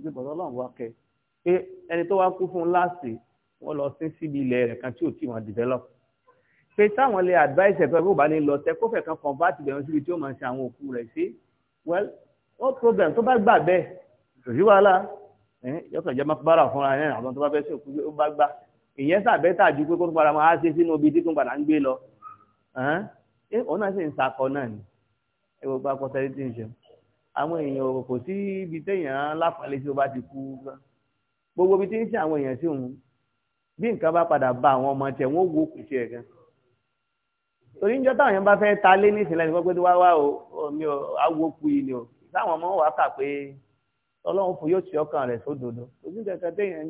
ìdí bọ̀dọ̀ ọlọ́run wá kẹ pé ẹni tó wá kú fún un láàsì wọ́n lọ sí síbi ilẹ̀ rẹ̀ kan tí ò tí wọ́n develop pé táwọn lè advice ẹ̀fẹ́ bó ba lè lọ tẹ kófẹ̀ kan convert bẹ̀rẹ̀ síbi tí ó máa ń ṣe àwọn òkú rẹ̀ sí well no problem tó bá gbà bẹ́ẹ̀ kò sí wàhálà yọkàn jẹ́ mákúbárà fúnra ẹ̀ àwọn tó bá fẹ́ sí òkú ó bá gbà ìyẹn sàbẹ́ tàbí pé kó tó padà máa ṣe sínú ibi tí tó padà ń gbé lọ ọ̀nà sì ń sakọ náà ni ẹ gbogbo akọ́sẹ́rí tí ń ṣe àwọn èèyàn kò sí ibi téèyàn lápàlẹ́ tí ó bá ti kú gbogbo ibi tí ń àwọn èèyàn sí òun bí nǹkan bá padà bá àwọn ọmọ tiẹ̀ wọ́n wo kùsì ẹ̀ gan torí bá fẹ́ ta lé ní ìsìnlẹ̀ pé wá wá o mi ò awo ni o táwọn ọmọ wa kà pé ọlọ́run fún yóò ṣe ọkàn rẹ̀ sódodo ojú téèyàn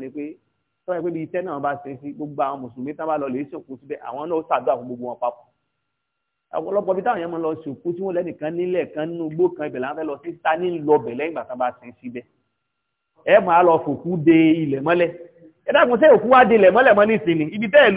ń tó wáyé pé bíi tẹ́ náà bá ṣe sí gbogbo àwọn mùsùlùmí tán bá lọ lè ṣòkú síbẹ̀ àwọn náà ṣàdúrà fún gbogbo wọn papọ̀ ọ̀pọ̀lọpọ̀ bí táwọn yẹn máa lọ ṣòkú tí wọ́n lẹ́nìkan nílẹ̀ kan nínú igbó kan ibẹ̀ láwọn fẹ́ lọ sí sani lọbẹ̀ lẹ́yìn ìgbà tán bá ṣe síbẹ̀ ẹ máa lọ fòkú de ilẹ̀ mọ́lẹ̀ ẹ dákun tẹ́ òkú wá de ilẹ̀ mọ́lẹ̀ mọ́ nísìnyí ibi tẹ́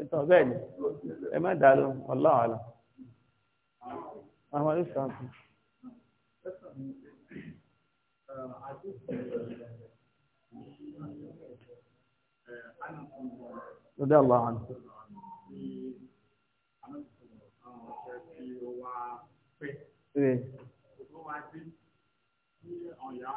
ẹ̀tọ́ bẹ́ẹ̀ ni ẹ má dá lóhùn ọlọ́run àlọ́ àwọn ọdún sàn kù. رضي الله عنه ايه